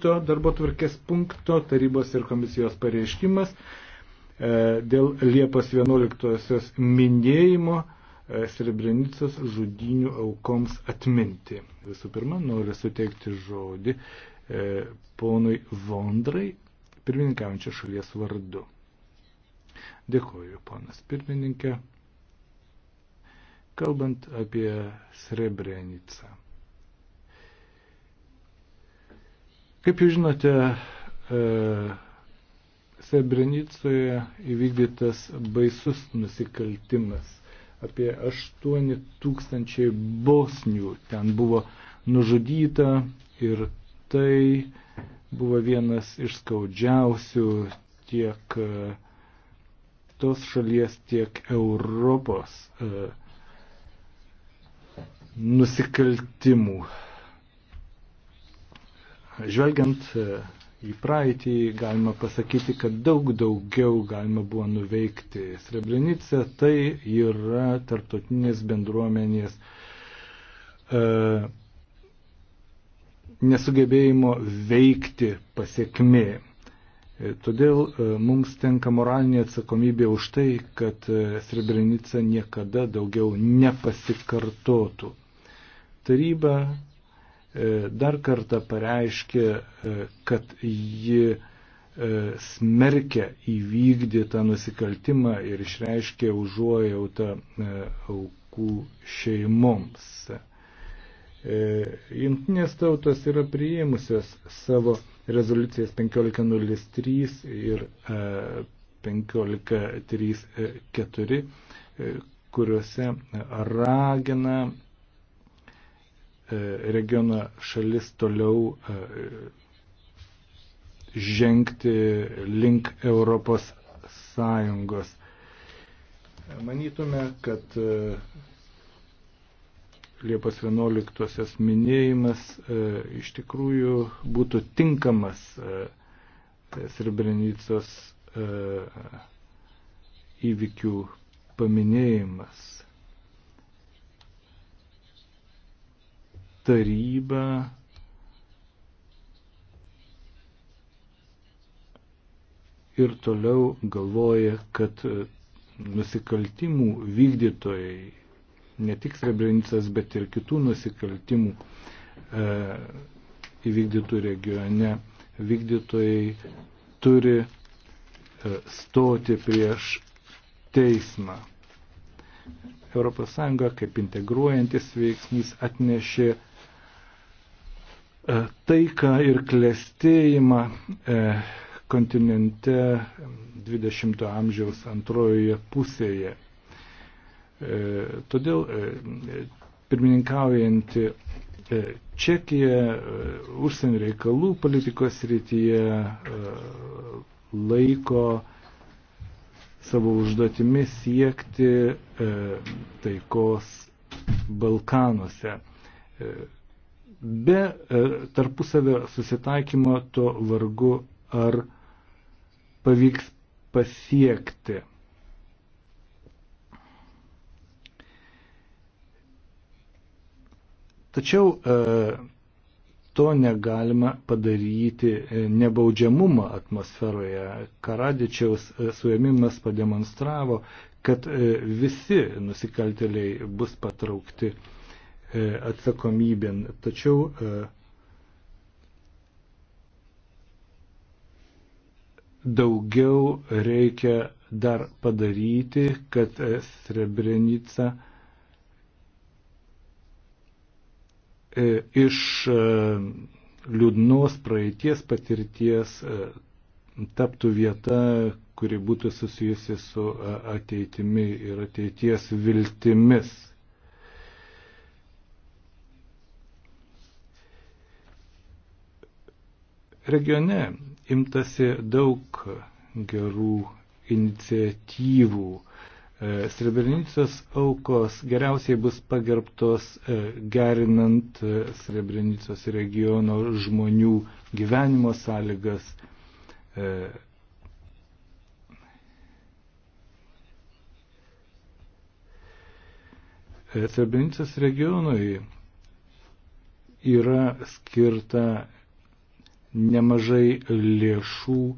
kito darbo tvarkės punkto tarybos ir komisijos pareiškimas e, dėl Liepos 11-osios minėjimo e, Srebrenicos žudinių aukoms atminti. Visų pirma, noriu suteikti žodį e, ponui Vondrai, pirmininkaujančio šalies vardu. Dėkoju, ponas pirmininkė, kalbant apie Srebrenicą. Kaip jūs žinote, e, Srebrenicoje įvykdytas baisus nusikaltimas. Apie 8 tūkstančiai bosnių ten buvo nužudyta ir tai buvo vienas iš skaudžiausių tiek e, tos šalies, tiek Europos e, nusikaltimų. Žvelgiant e, į praeitį, galima pasakyti, kad daug daugiau galima buvo nuveikti. Srebrenica tai yra tarptautinės bendruomenės e, nesugebėjimo veikti pasiekmė. E, todėl e, mums tenka moralinė atsakomybė už tai, kad Srebrenica niekada daugiau nepasikartotų. Taryba E, dar kartą pareiškė, e, kad ji e, smerkia įvykdytą nusikaltimą ir išreiškė užuojautą aukų šeimoms. Jungtinės tautos yra priėmusios savo rezoliucijas 1503 ir 1534, kuriuose ragina E, regiono šalis toliau e, žengti link Europos Sąjungos. Manytume, kad e, Liepos 11 minėjimas iš tikrųjų būtų tinkamas Srebrenicos įvykių paminėjimas. taryba ir toliau galvoja, kad nusikaltimų vykdytojai, ne tik Srebrenicas, bet ir kitų nusikaltimų e, įvykdytų regione, vykdytojai turi e, stoti prieš teismą. ES kaip integruojantis veiksnys atnešė E, taiką ir klėstėjimą e, kontinente 20-ojo amžiaus antrojoje pusėje. E, todėl pirmininkaujanti Čekija užsienio reikalų politikos rytyje laiko savo užduotimi siekti taikos Balkanuose. Be e, tarpusavio susitaikymo to vargu ar pavyks pasiekti. Tačiau e, to negalima padaryti e, nebaudžiamumą atmosferoje. Karadičiaus suėmimas pademonstravo, kad visi nusikaltėliai bus patraukti E, atsakomybėn. Tačiau e, daugiau reikia dar padaryti, kad e, Srebrenica iš liūdnos praeities patirties taptų vieta, kuri būtų susijusi su ateitimi ir ateities viltimis. Regione imtasi daug gerų iniciatyvų. E, Srebrenicos aukos geriausiai bus pagerbtos e, gerinant e, Srebrenicos regiono žmonių gyvenimo sąlygas. Srebrenicos regionui yra skirta nemažai lėšų e,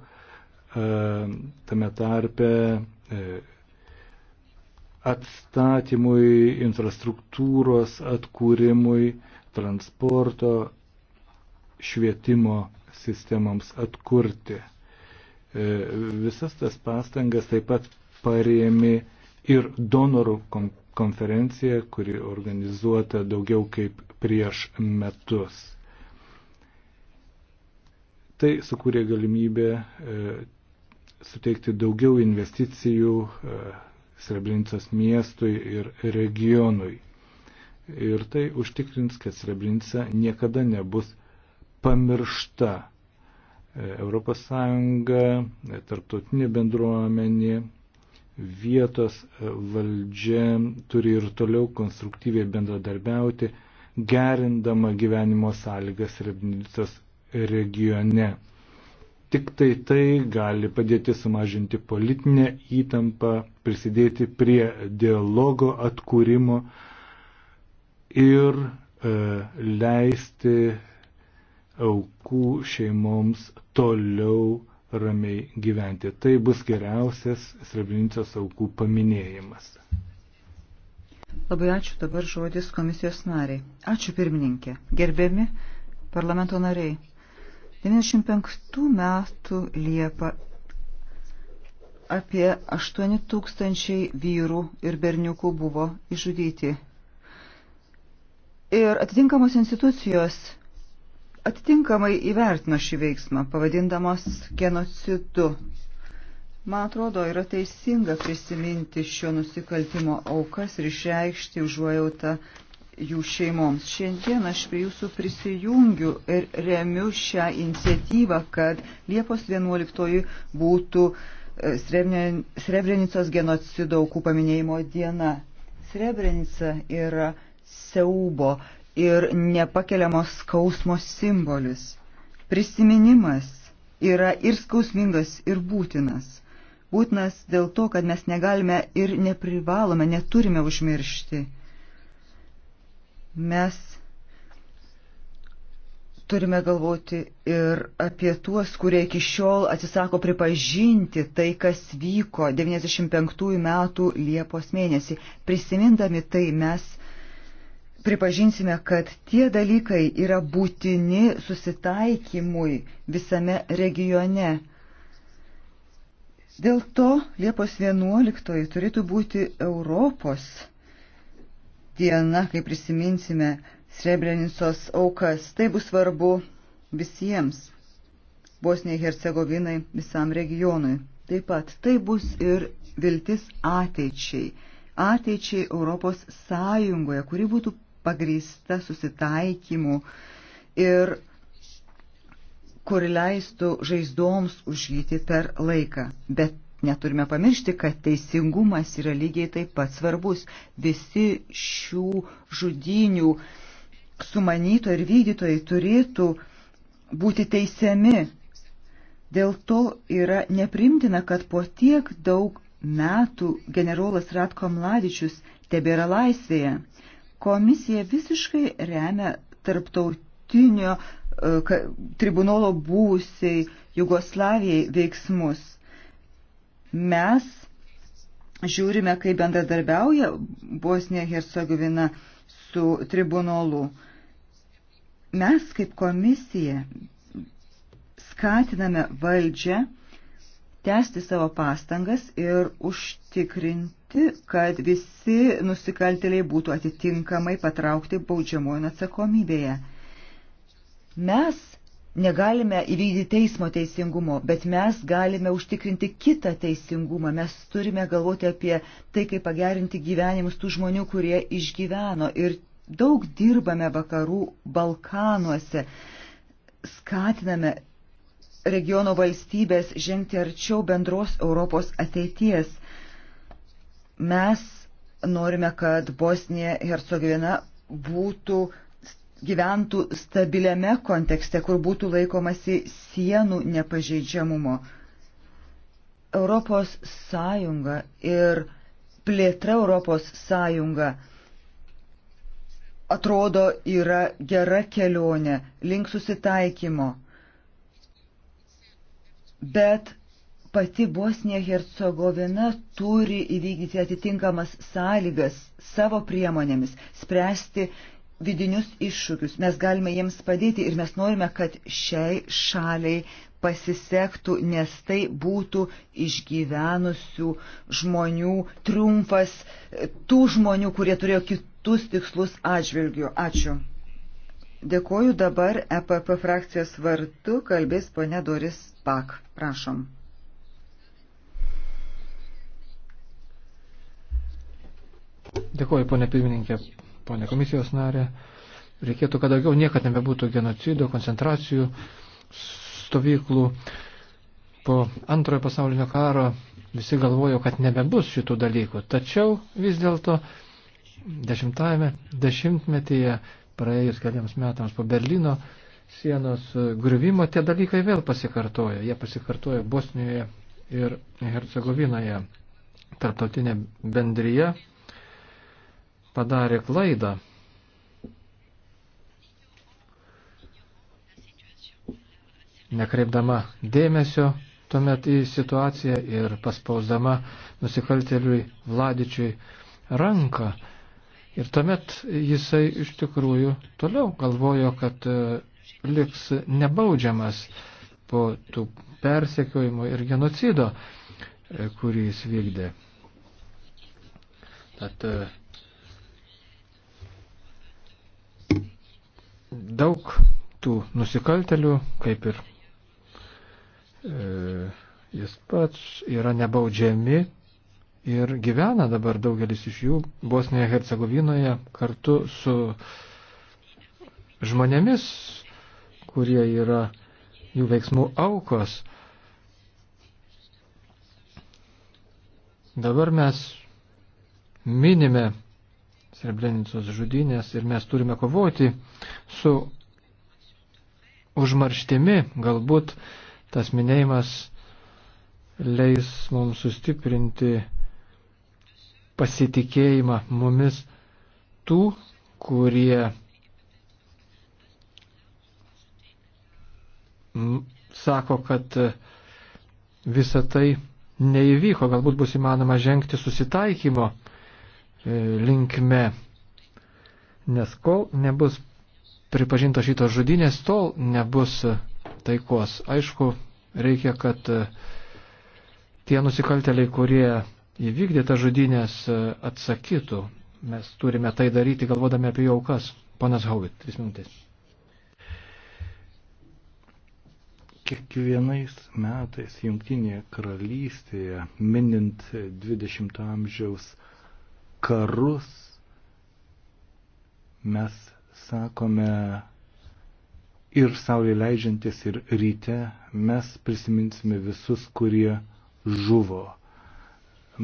tame tarpe e, atstatymui, infrastruktūros atkūrimui, transporto, švietimo sistemoms atkurti. E, visas tas pastangas taip pat parėmi ir donorų konferencija, kuri organizuota daugiau kaip prieš metus. Tai sukūrė galimybę e, suteikti daugiau investicijų e, Srebrenicos miestui ir regionui. Ir tai užtikrins, kad Srebrenica niekada nebus pamiršta. ES, e, tarptautinė bendruomenė, vietos valdžia turi ir toliau konstruktyviai bendradarbiauti, gerindama gyvenimo sąlygas Srebrenicos regione. Tik tai tai gali padėti sumažinti politinę įtampą, prisidėti prie dialogo atkūrimo ir e, leisti aukų šeimoms toliau ramiai gyventi. Tai bus geriausias Srebrenicos aukų paminėjimas. Labai ačiū dabar žodis komisijos nariai. Ačiū pirmininkė. Gerbiami parlamento nariai. 95 metų Liepa apie 8 tūkstančiai vyrų ir berniukų buvo išžudyti. Ir atitinkamos institucijos atitinkamai įvertino šį veiksmą, pavadindamos genocidu. Man atrodo, yra teisinga prisiminti šio nusikaltimo aukas ir išreikšti užuojautą jų šeimoms. Šiandien aš prie jūsų prisijungiu ir remiu šią iniciatyvą, kad Liepos 11 būtų e, Srebrenicos genocido aukų paminėjimo diena. Srebrenica yra siaubo ir nepakeliamos skausmo simbolis. Prisiminimas yra ir skausmingas, ir būtinas. Būtinas dėl to, kad mes negalime ir neprivalome, neturime užmiršti Mes turime galvoti ir apie tuos, kurie iki šiol atsisako pripažinti tai, kas vyko 95 metų Liepos mėnesį. Prisimindami tai mes pripažinsime, kad tie dalykai yra būtini susitaikymui visame regione. Dėl to Liepos 11 turėtų būti Europos diena, kai prisiminsime Srebrenicos aukas. Tai bus svarbu visiems - Bosniai, Hercegovinai, visam regionui. Taip pat tai bus ir viltis ateičiai. Ateičiai Europos Sąjungoje, kuri būtų pagrįsta susitaikymu ir kuri leistų žaizdoms užgyti per laiką. Bet neturime pamiršti, kad teisingumas yra lygiai taip pat svarbus. Visi šių žudinių sumanyto ir vykdytojai turėtų būti teisiami. Dėl to yra neprimtina, kad po tiek daug metų generolas Ratko Mladičius tebėra laisvėje. Komisija visiškai remia tarptautinio e, tribunolo būsiai Jugoslavijai veiksmus. Mes žiūrime, kaip bendradarbiauja Bosnija Hercegovina su tribunolu. Mes kaip komisija skatiname valdžią tęsti savo pastangas ir užtikrinti, kad visi nusikaltėliai būtų atitinkamai patraukti baudžiamojo atsakomybėje. Mes negalime įvykdyti teismo teisingumo, bet mes galime užtikrinti kitą teisingumą. Mes turime galvoti apie tai, kaip pagerinti gyvenimus tų žmonių, kurie išgyveno. Ir daug dirbame vakarų Balkanuose, skatiname regiono valstybės žengti arčiau bendros Europos ateities. Mes norime, kad Bosnija Hercegovina būtų uh, gyventų stabiliame kontekste, kur būtų laikomasi sienų nepažeidžiamumo. Europos Sąjunga ir plėtra Europos Sąjunga atrodo yra gera kelionė link susitaikymo. Bet pati Bosnija Hercegovina turi įvykdyti atitinkamas sąlygas savo priemonėmis, spręsti vidinius iššūkius. Mes galime jiems padėti ir mes norime, kad šiai šaliai pasisektų, nes tai būtų išgyvenusių žmonių triumfas, tų žmonių, kurie turėjo kitus tikslus atžvilgių. Ačiū. Dėkoju dabar EPP frakcijos vartu, kalbės ponė Doris Pak. Prašom. Dėkoju, ponė pirmininkė ponė komisijos narė, reikėtų, kad daugiau niekada nebebūtų genocido, koncentracijų stovyklų. Po antrojo pasaulinio karo visi galvojo, kad nebebus šitų dalykų. Tačiau vis dėlto dešimtajame dešimtmetyje, praėjus keliams metams po Berlyno sienos griuvimo, tie dalykai vėl pasikartojo. Jie pasikartojo Bosnijoje ir Hercegovinoje. Tarptautinė bendryje padarė klaidą. Nekreipdama dėmesio tuomet į situaciją ir paspausdama nusikalteliui Vladičiui ranką. Ir tuomet jisai iš tikrųjų toliau galvojo, kad e, liks nebaudžiamas po tų persekiojimų ir genocido, e, kurį jis vykdė. Tad e, Daug tų nusikaltelių, kaip ir e, jis pats, yra nebaudžiami ir gyvena dabar daugelis iš jų Bosnijoje Hercegovinoje kartu su žmonėmis, kurie yra jų veiksmų aukos. Dabar mes minime Srebrenicos žudynės ir mes turime kovoti su užmarštimi. Galbūt tas minėjimas leis mums sustiprinti pasitikėjimą mumis tų, kurie sako, kad visa tai neįvyko, galbūt bus įmanoma žengti susitaikymo E, linkme. Nes kol nebus pripažinto šitos žudynės, tol nebus taikos. Aišku, reikia, kad e, tie nusikalteliai, kurie įvykdė tą žudynės, e, atsakytų. Mes turime tai daryti, galvodami apie jaukas. Ponas Hauvit, tris minutės. Kiekvienais metais Junktinėje karalystėje, minint 20 amžiaus karus, mes sakome ir saulė leidžiantis, ir ryte mes prisiminsime visus, kurie žuvo.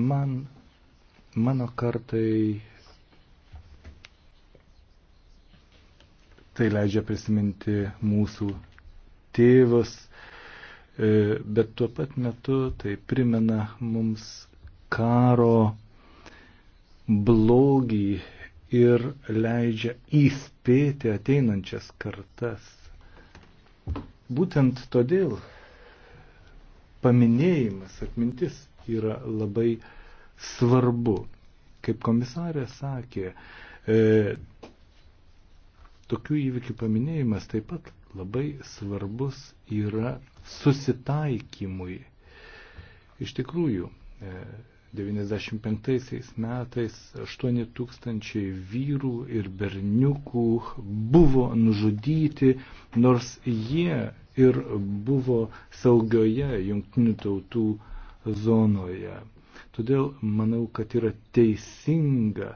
Man, mano kartai tai leidžia prisiminti mūsų tėvus, e, bet tuo pat metu tai primena mums karo blogį ir leidžia įspėti ateinančias kartas. Būtent todėl paminėjimas, atmintis yra labai svarbu. Kaip komisarė sakė, e, tokių įvykių paminėjimas taip pat labai svarbus yra susitaikymui. Iš tikrųjų, e, 95 metais 8 tūkstančiai vyrų ir berniukų buvo nužudyti, nors jie ir buvo saugioje jungtinių tautų zonoje. Todėl manau, kad yra teisinga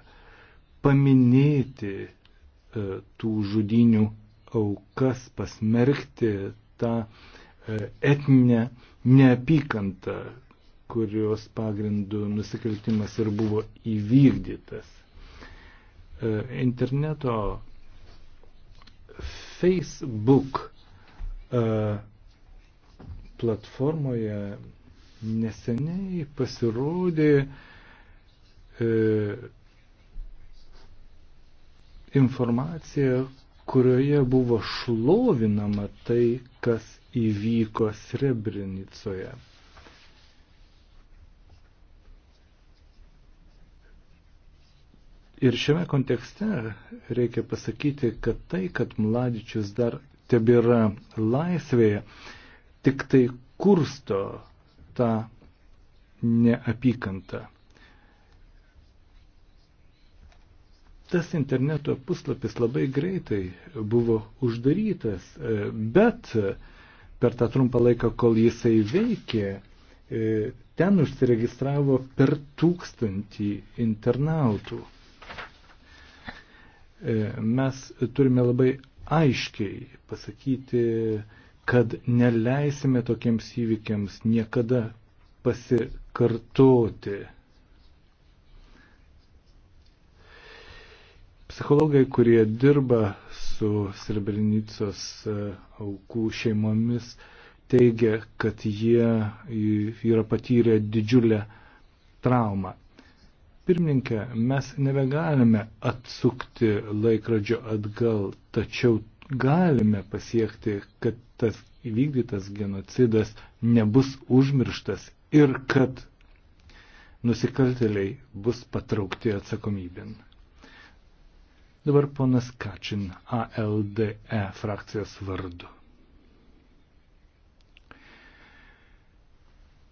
paminėti e, tų žudinių aukas, pasmerkti tą e, etninę neapykantą, kurios pagrindų nusikaltimas ir buvo įvykdytas. E, interneto Facebook e, platformoje neseniai pasirodė e, informacija, kurioje buvo šlovinama tai, kas įvyko Srebrenicoje. Ir šiame kontekste reikia pasakyti, kad tai, kad Mladičius dar tebėra laisvėje, tik tai kursto tą neapykantą. Tas interneto puslapis labai greitai buvo uždarytas, bet per tą trumpą laiką, kol jisai veikė, ten užsiregistravo per tūkstantį internautų. E, mes turime labai aiškiai pasakyti, kad neleisime tokiems įvykiams niekada pasikartoti. Psichologai, kurie dirba su Srebrenicos e, aukų šeimomis, teigia, kad jie yra patyrę didžiulę traumą. Pirmininkė, mes nebegalime atsukti laikrodžio atgal, tačiau galime pasiekti, kad tas įvykdytas genocidas nebus užmirštas ir kad nusikaltėliai bus patraukti atsakomybėn. Dabar ponas Kačin, ALDE frakcijos vardu.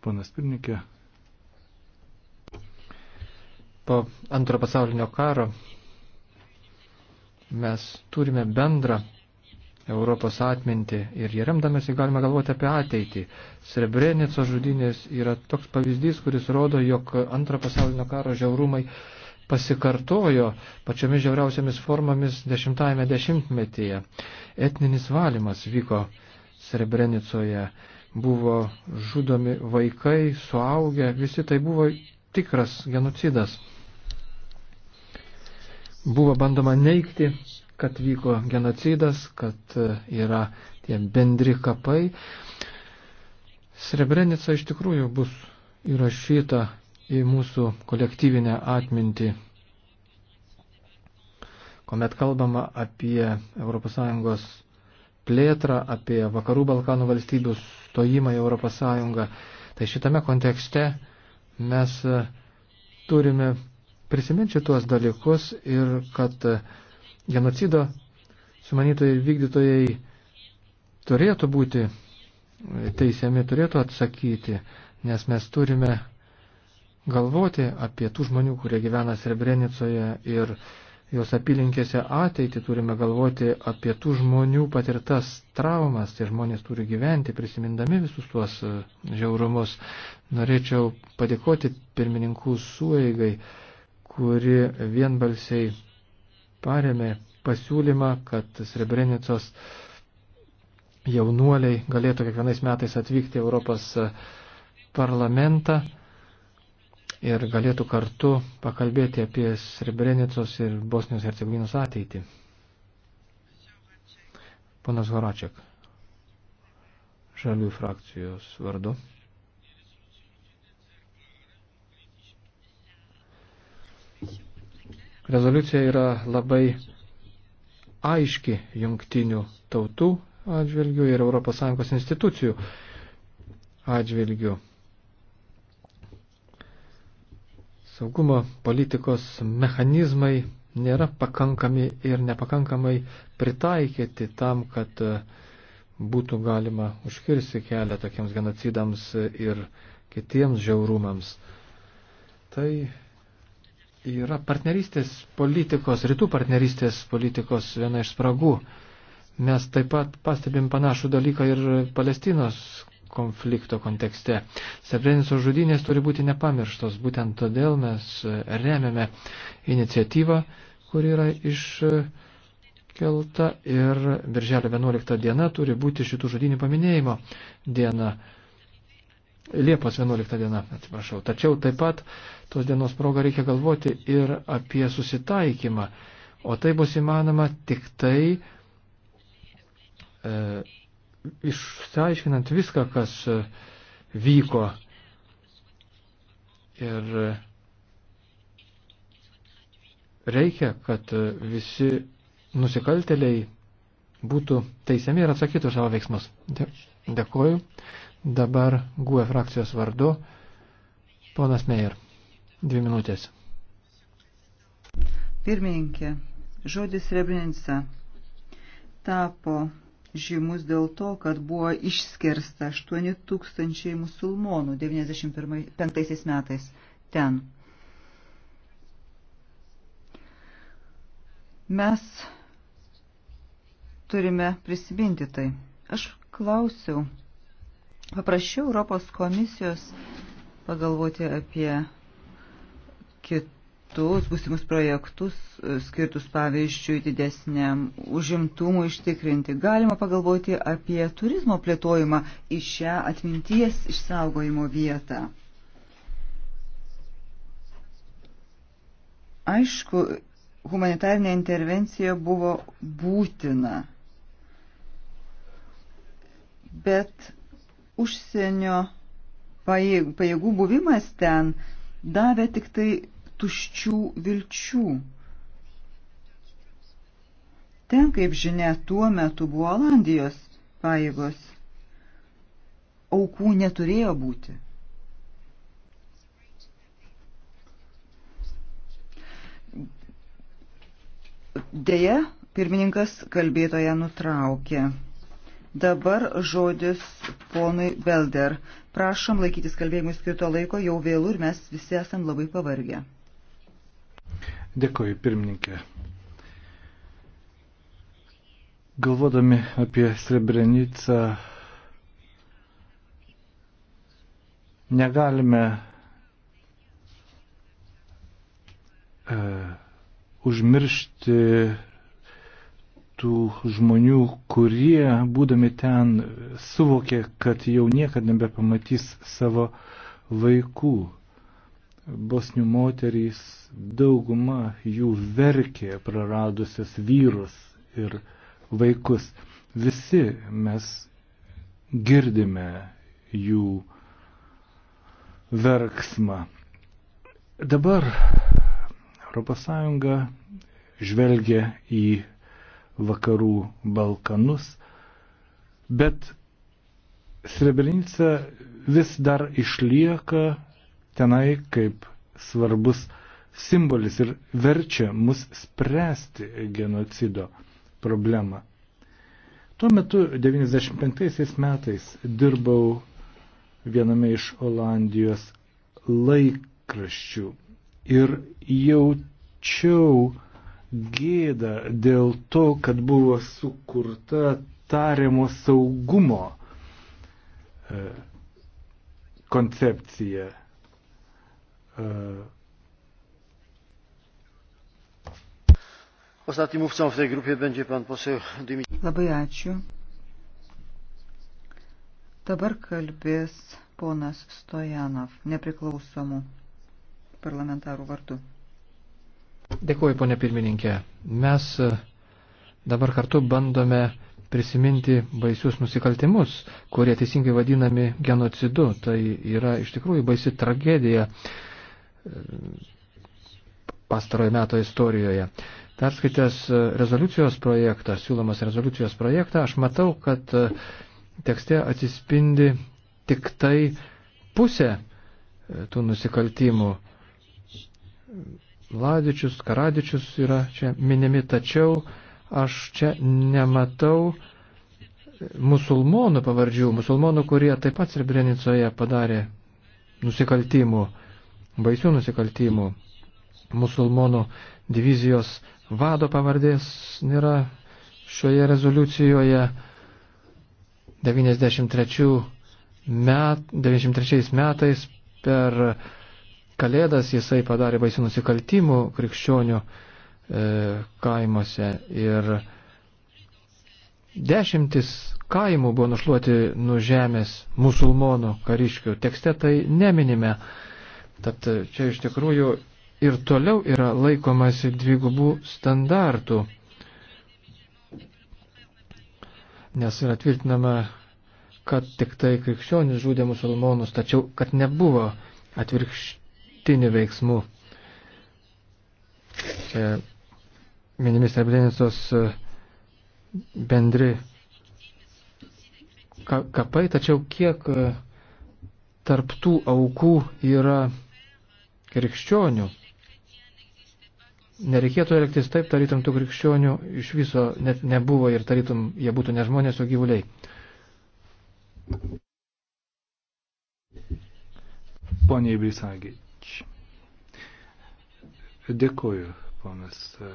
Ponas pirmininkė, po antrojo pasaulinio karo mes turime bendrą Europos atmintį ir jie remdamėsi galime galvoti apie ateitį. Srebrenico žudynės yra toks pavyzdys, kuris rodo, jog antro pasaulinio karo žiaurumai pasikartojo pačiomis žiauriausiamis formomis dešimtajame dešimtmetyje. Etninis valymas vyko Srebrenicoje, buvo žudomi vaikai, suaugę, visi tai buvo tikras genocidas buvo bandoma neikti, kad vyko genocidas, kad e, yra tie bendri kapai. Srebrenica iš tikrųjų bus įrašyta į mūsų kolektyvinę atmintį. Komet kalbama apie ES plėtrą, apie vakarų Balkanų valstybių stojimą į ES, tai šitame kontekste mes e, turime prisiminti tuos dalykus ir kad e, genocido sumanytojai ir vykdytojai turėtų būti e, teisiami, turėtų atsakyti, nes mes turime galvoti apie tų žmonių, kurie gyvena Srebrenicoje ir jos apylinkėse ateitį, turime galvoti apie tų žmonių patirtas traumas, tie žmonės turi gyventi, prisimindami visus tuos e, žiaurumus. Norėčiau padėkoti pirmininkų suėgai kuri vienbalsiai paremė pasiūlymą, kad Srebrenicos jaunuoliai galėtų kiekvienais metais atvykti Europos parlamentą ir galėtų kartu pakalbėti apie Srebrenicos ir Bosnijos Hercegovinos ateitį. Ponas Horačiak, žalių frakcijos vardu. Rezoliucija yra labai aiški jungtinių tautų atžvilgių ir ES institucijų atžvilgių. Saugumo politikos mechanizmai nėra pakankami ir nepakankamai pritaikyti tam, kad e, būtų galima užkirsti kelią tokiems genocidams ir kitiems žiaurumams. Tai yra partnerystės politikos, rytų partnerystės politikos viena iš spragų. Mes taip pat pastebim panašų dalyką ir Palestinos konflikto kontekste. Srebrenicos žudynės turi būti nepamirštos. Būtent todėl mes remiame iniciatyvą, kuri yra iškelta ir birželio 11 diena turi būti šitų žudynių paminėjimo diena. Liepos 11 diena, atsiprašau. Tačiau taip pat tos dienos proga reikia galvoti ir apie susitaikymą. O tai bus įmanoma tik tai e, išsiaiškinant viską, kas e, vyko. Ir e, reikia, kad e, visi nusikalteliai būtų teisiami ir atsakytų savo veiksmus. De, dėkoju. Dabar GUE frakcijos vardu ponas Meijer. Dvi minutės. Pirmininkė, žodis Srebrenica tapo žymus dėl to, kad buvo išskirsta 8 tūkstančiai musulmonų 95 metais ten. Mes turime prisiminti tai. Aš klausiau, paprašiau Europos komisijos pagalvoti apie kitus būsimus projektus e, skirtus, pavyzdžiui, didesniam užimtumui ištikrinti. Galima pagalvoti apie turizmo plėtojimą į šią atminties išsaugojimo vietą. Aišku, humanitarinė intervencija buvo būtina, bet užsienio pajėgų buvimas ten davė tik tai tuščių vilčių. Ten, kaip žinia, tuo metu buvo Olandijos paėgos. Aukų neturėjo būti. Deja, pirmininkas kalbėtoje nutraukė. Dabar žodis ponui Belder. Prašom laikytis kalbėjimui skirto laiko, jau vėlų ir mes visi esam labai pavargę. Dėkoju, pirmininkė. Galvodami apie Srebrenicą, negalime e, užmiršti tų žmonių, kurie, būdami ten, suvokė, kad jau niekada nebepamatys savo vaikų bosnių moterys, dauguma jų verkė praradusias vyrus ir vaikus. Visi mes girdime jų verksmą. Dabar ES žvelgia į vakarų Balkanus, bet Srebrenica vis dar išlieka tenai kaip svarbus simbolis ir verčia mus spręsti genocido problemą. Tuo metu 95 metais dirbau viename iš Olandijos laikraščių ir jaučiau gėdą dėl to, kad buvo sukurta tariamo saugumo e, koncepcija Ostatnim mówcą w tej grupie będzie pan poseł Dymitry. Labai ačiū. Dabar kalbės ponas Stojanov, nepriklausomų parlamentarų vardu. Dėkuoju, ponė pirmininkė. Mes e, dabar kartu bandome prisiminti baisius nusikaltimus, kurie teisingai vadinami genocidu. Tai yra iš tikrųjų baisi tragedija pastarojo meto istorijoje. Perskaitęs rezoliucijos projektą, siūlomas rezoliucijos projektą, aš matau, kad e, tekste atsispindi tik tai pusė e, tų nusikaltimų. Ladičius, Karadičius yra čia minimi, tačiau aš čia nematau e, musulmonų pavardžių, musulmonų, kurie taip pat Srebrenicoje padarė nusikaltimų baisių nusikaltimų. Musulmonų divizijos vado pavardės nėra šioje rezoliucijoje. 93, met, 93 metais per Kalėdas jisai padarė baisių nusikaltimų krikščionių e, kaimuose ir dešimtis kaimų buvo nušluoti nuo žemės musulmonų kariškių. Tekste tai neminime. Tad čia iš tikrųjų ir toliau yra laikomasi dvigubų standartų, nes yra tvirtinama, kad tik tai krikščionis žudė musulmonus, tačiau kad nebuvo atvirkštinių veiksmų. Čia minimis Reblinicos e, bendri kapai, tačiau kiek e, tarptų aukų yra krikščionių. Nereikėtų elgtis taip, tarytum tų krikščionių iš viso net nebuvo ir tarytum jie būtų ne žmonės, o gyvuliai. Poniai Brisagič. Dėkuoju, ponas e,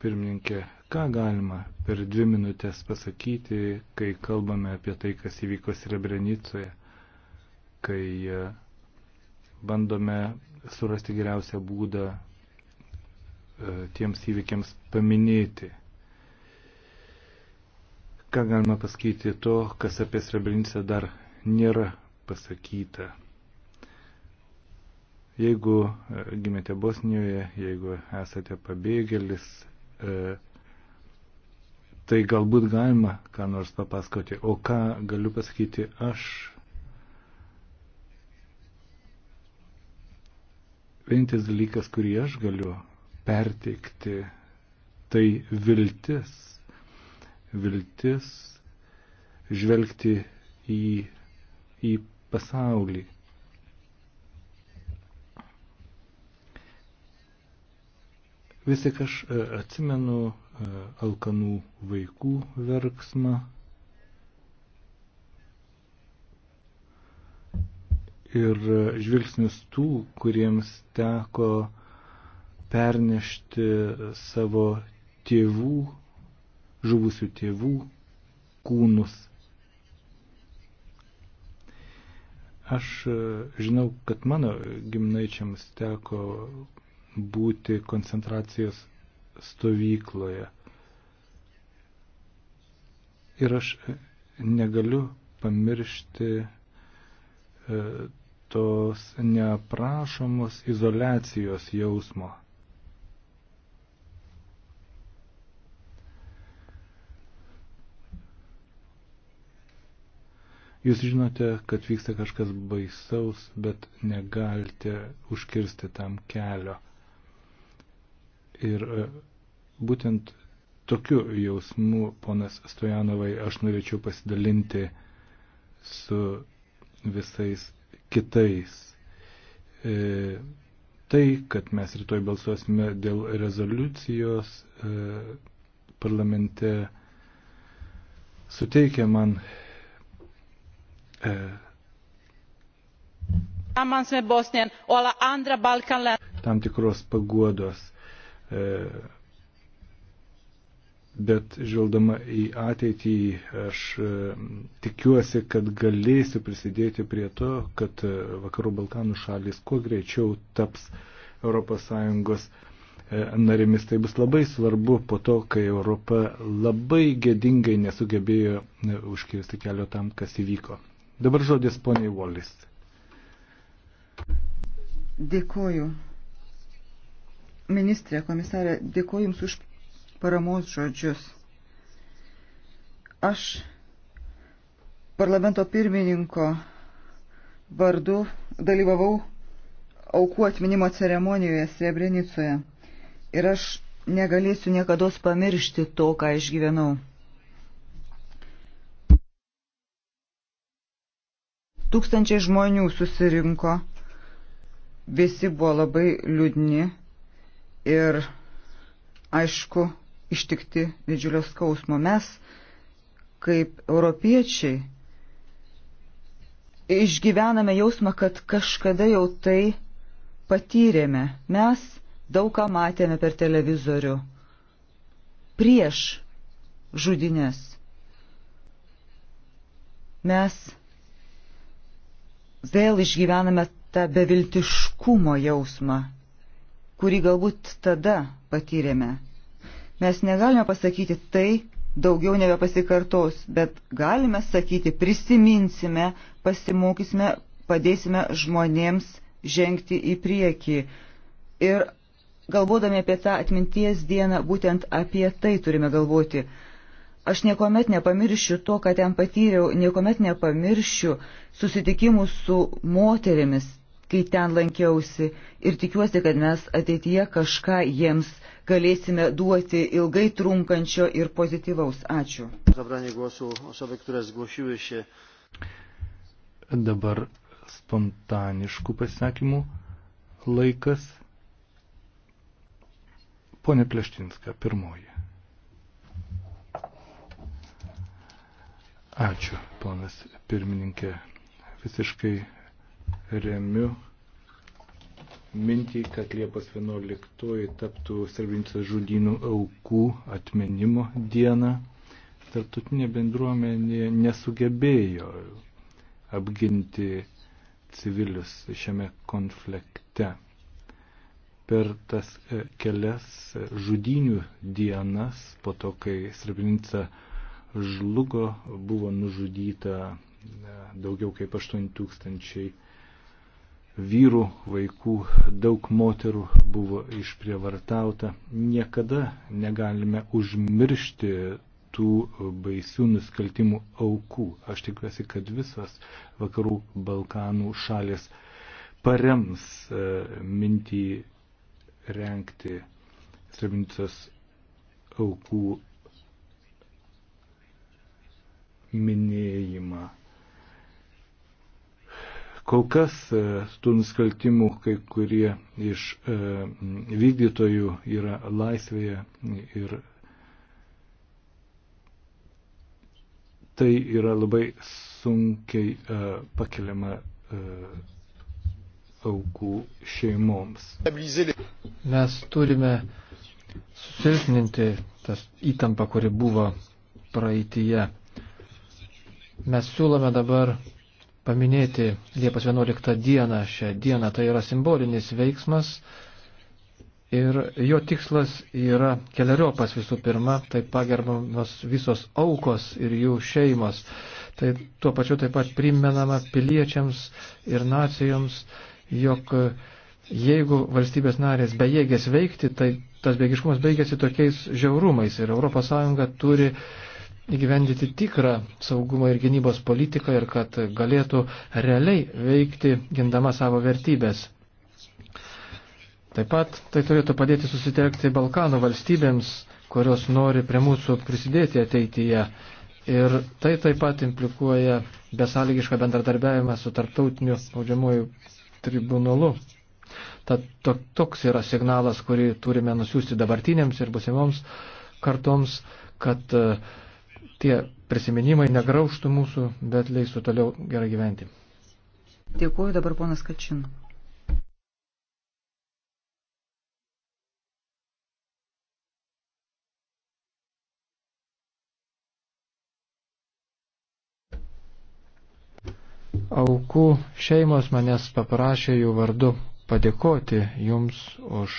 pirmininkė. Ką galima per dvi minutės pasakyti, kai kalbame apie tai, kas įvyko Srebrenicoje, kai e, bandome surasti geriausią būdą e, tiems įvykiams paminėti. Ką galima pasakyti to, kas apie Srebrenicą dar nėra pasakyta. Jeigu e, gimėte Bosnijoje, jeigu esate pabėgėlis, e, tai galbūt galima ką nors papasakoti. O ką galiu pasakyti aš Vienintelis dalykas, kurį aš galiu perteikti, tai viltis. Viltis žvelgti į, į pasaulį. Vis tik aš e, atsimenu e, alkanų vaikų verksmą, ir e, žvilgsnius tų, kuriems teko pernešti savo tėvų, žuvusių tėvų kūnus. Aš e, žinau, kad mano gimnaičiams teko būti koncentracijos stovykloje. Ir aš e, negaliu pamiršti tos neprašomos izolacijos jausmo. Jūs žinote, kad vyksta kažkas baisaus, bet negalite užkirsti tam kelio. Ir e, būtent tokiu jausmu, ponas Stojanovai, aš norėčiau pasidalinti su visais kitais. E, tai, kad mes rytoj balsuosime dėl rezoliucijos e, parlamente, suteikia man. E, tam tikros paguodos. E, bet žvelgdama į ateitį aš e, tikiuosi, kad galėsiu prisidėti prie to, kad e, Vakarų Balkanų šalis kuo greičiau taps ES e, narėmis. Tai bus labai svarbu po to, kai Europa labai gėdingai nesugebėjo užkirsti kelio tam, kas įvyko. Dabar žodis poniai Wallis. Dėkoju. Ministrė, komisarė, dėkoju Jums už paramos žodžius. Aš parlamento pirmininko vardu dalyvavau aukų atminimo ceremonijoje Srebrenicoje ir aš negalėsiu niekada pamiršti to, ką išgyvenau. Tūkstančiai žmonių susirinko, visi buvo labai liūdni ir, aišku, ištikti didžiulio skausmo. Mes, kaip europiečiai, išgyvename jausmą, kad kažkada jau tai patyrėme. Mes daug ką matėme per televizorių prieš žudinės. Mes vėl išgyvename tą beviltiškumo jausmą, kurį galbūt tada patyrėme. Mes negalime pasakyti tai daugiau nebepasikartos, bet galime sakyti prisiminsime, pasimokysime, padėsime žmonėms žengti į priekį. Ir galvodami apie tą atminties dieną, būtent apie tai turime galvoti. Aš niekuomet nepamiršiu to, ką ten patyriau, niekuomet nepamiršiu susitikimų su moterimis, kai ten lankiausi ir tikiuosi, kad mes ateityje kažką jiems galėsime duoti ilgai trunkančio ir pozityvaus. Ačiū. Dabar spontaniškų pasakymų laikas. Pone Pleštinska, pirmoji. Ačiū, ponas pirmininkė. Visiškai remiu mintį, kad Liepos 11 taptų Srebrenicos žudynų aukų atminimo diena. Tartutinė bendruomenė nesugebėjo apginti civilius šiame konflikte. Per tas e, kelias e, žudynių dienas, po to, kai Srebrenica žlugo, buvo nužudyta e, daugiau kaip 8 tūkstančiai vyrų, vaikų, daug moterų buvo išprievartauta. Niekada negalime užmiršti tų baisių nusikaltimų aukų. Aš tikiuosi, kad visas vakarų Balkanų šalis parems e, mintį renkti Srebrenicos aukų minėjimą. Kol kas e, tų nusikaltimų kai kurie iš e, vykdytojų yra laisvėje ir tai yra labai sunkiai e, pakeliama aukų šeimoms. Mes turime susilpninti tas įtampą, kuri buvo praeitįje. Mes siūlome dabar paminėti Liepos 11 dieną šią dieną. Tai yra simbolinis veiksmas ir jo tikslas yra keliariopas visų pirma, tai pagerbamas visos aukos ir jų šeimos. Tai tuo pačiu taip pat primenama piliečiams ir nacijoms, jog jeigu valstybės narės bejėgės veikti, tai tas bėgiškumas baigėsi tokiais žiaurumais ir ES turi įgyvendyti tikrą saugumo ir gynybos politiką ir kad galėtų realiai veikti gindama savo vertybės. Taip pat tai turėtų padėti susitelkti Balkanų valstybėms, kurios nori prie mūsų prisidėti ateityje. Ir tai taip pat implikuoja besąlygišką bendradarbiavimą su tarptautiniu baudžiamuoju tribunolu. Tad toks yra signalas, kurį turime nusiųsti dabartinėms ir busimoms kartoms, kad uh, tie prisiminimai negrauštų mūsų, bet leistų toliau gerai gyventi. Dėkuoju dabar ponas Kačin. Aukų šeimos manęs paprašė jų vardu padėkoti jums už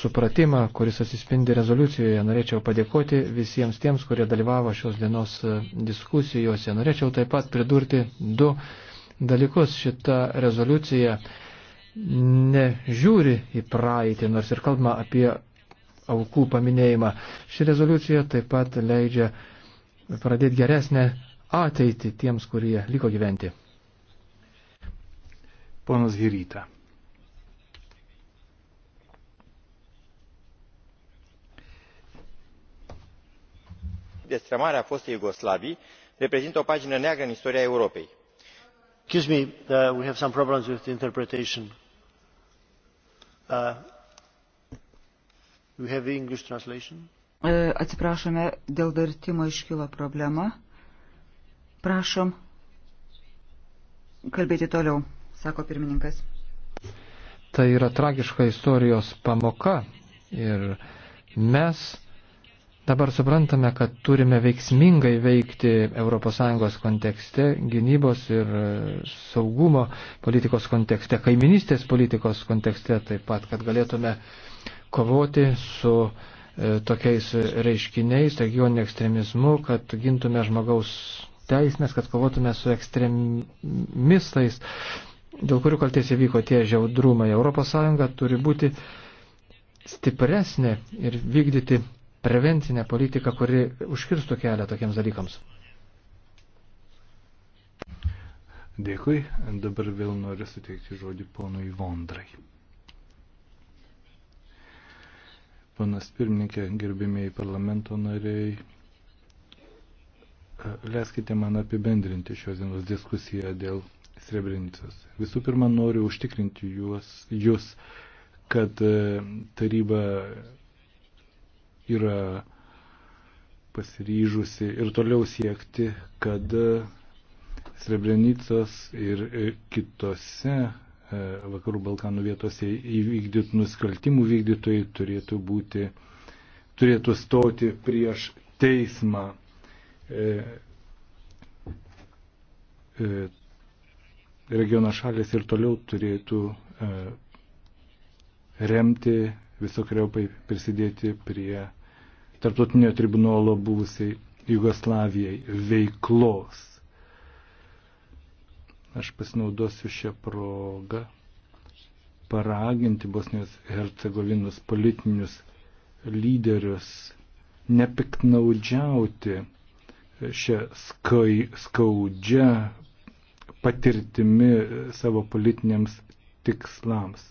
supratimą, kuris atsispindi rezoliucijoje. Norėčiau padėkoti visiems tiems, kurie dalyvavo šios dienos e, diskusijose. Norėčiau taip pat pridurti du dalykus. Šita rezoliucija nežiūri į praeitį, nors ir kalbama apie aukų paminėjimą. Ši rezoliucija taip pat leidžia pradėti geresnę ateitį tiems, kurie liko gyventi. Ponas Giryta. destrămarea fostei iugoslavii reprezintă o pagină neagră în istoria europei. Uh, uh, uh, atsiprašome dėl vertimo iškilo problema. Prašom kalbėti toliau, sako pirmininkas. Tai yra tragiška istorijos pamoka ir mes Dabar suprantame, kad turime veiksmingai veikti ES kontekste, gynybos ir e, saugumo politikos kontekste, kaiminystės politikos kontekste taip pat, kad galėtume kovoti su e, tokiais reiškiniais, regioniniu ekstremizmu, kad gintume žmogaus teismės, kad kovotume su ekstremistais, dėl kurių kalties įvyko tie žiaudrumai. ES turi būti stipresnė ir vykdyti prevencinę politiką, kuri užkirstų kelią tokiems dalykams. Dėkui. Dabar vėl noriu suteikti žodį ponui Vondrai. Ponas pirmininkė, gerbėmiai parlamento nariai, leiskite man apibendrinti šios dienos diskusiją dėl Srebrenicos. Visų pirma, noriu užtikrinti juos, jūs, kad e, taryba yra pasiryžusi ir toliau siekti, kad Srebrenicos ir kitose e, Vakarų Balkanų vietose įvykdyt nusikaltimų vykdytojai turėtų būti, turėtų stoti prieš teismą. E, e, regiono šalės ir toliau turėtų remti visokriaupai prisidėti prie tarptautinio tribunolo buvusiai Jugoslavijai veiklos. Aš pasinaudosiu šią progą paraginti Bosnijos Hercegovinos politinius lyderius nepiknaudžiauti šią skai, skaudžią patirtimi savo politiniams tikslams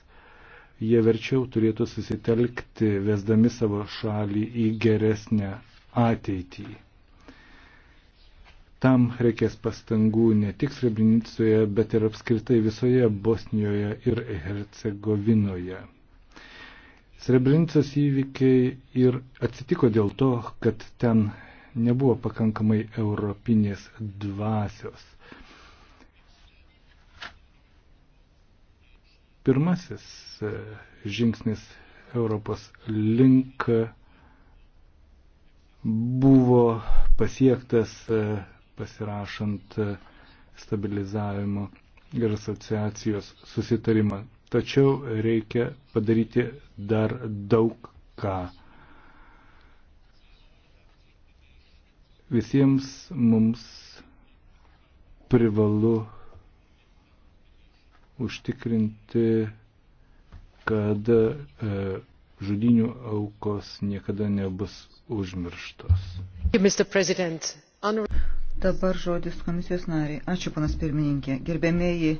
jie verčiau turėtų susitelkti, vesdami savo šalį į geresnę ateitį. Tam reikės pastangų ne tik Srebrenicoje, bet ir apskritai visoje Bosnijoje ir Hercegovinoje. Srebrenicos įvykiai ir atsitiko dėl to, kad ten nebuvo pakankamai europinės dvasios. pirmasis e, žingsnis Europos link e, buvo pasiektas e, pasirašant stabilizavimo ir asociacijos susitarimą. Tačiau reikia padaryti dar daug ką. Visiems mums privalu užtikrinti, kad e, žudinių aukos niekada nebus užmirštos. Dabar žodis komisijos nariai. Ačiū, panas pirmininkė. Gerbėmėji e,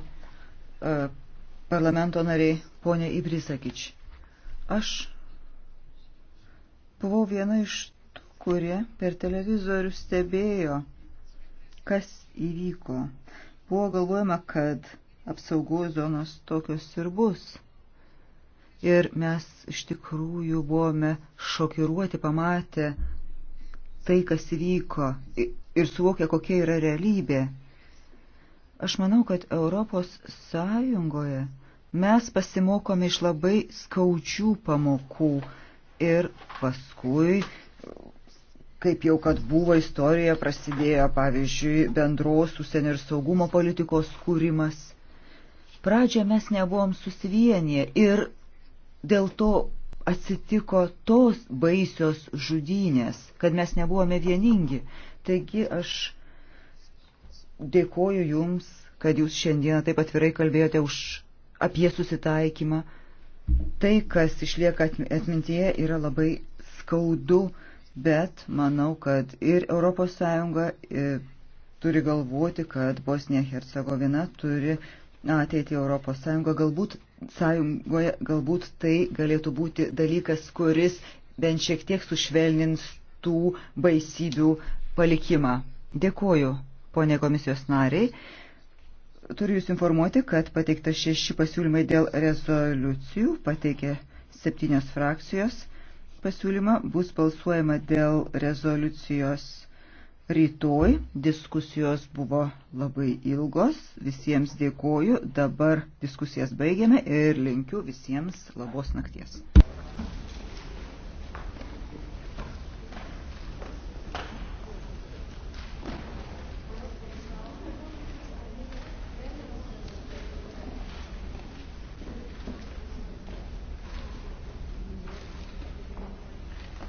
parlamento nariai, ponė Ibrisakič. Aš buvau viena iš tų, kurie per televizorių stebėjo, kas įvyko. Buvo galvojama, kad apsaugos zonos tokios ir bus. Ir mes iš tikrųjų buvome šokiruoti pamatę tai, kas įvyko ir suvokę, kokia yra realybė. Aš manau, kad Europos Sąjungoje mes pasimokome iš labai skaudžių pamokų ir paskui, kaip jau kad buvo istorija, prasidėjo, pavyzdžiui, bendros užsienio ir saugumo politikos kūrimas Pradžioje mes nebuvom susivienyje ir dėl to atsitiko tos baisios žudynės, kad mes nebuvome vieningi. Taigi aš dėkoju Jums, kad Jūs šiandieną taip atvirai kalbėjote už apie susitaikymą. Tai, kas išlieka atmintyje, yra labai skaudu, bet manau, kad ir ES turi galvoti, kad Bosnija Hercegovina turi ateitį Europos Sąjungą. Galbūt, sąjungoje, galbūt tai galėtų būti dalykas, kuris bent šiek tiek sušvelnins tų baisybių palikimą. Dėkuoju, ponė komisijos nariai. Turiu Jūs informuoti, kad pateikta šeši pasiūlymai dėl rezoliucijų, pateikė septynios frakcijos pasiūlymą, bus balsuojama dėl rezoliucijos Rytoj diskusijos buvo labai ilgos, visiems dėkoju, dabar diskusijas baigiame ir linkiu visiems labos nakties.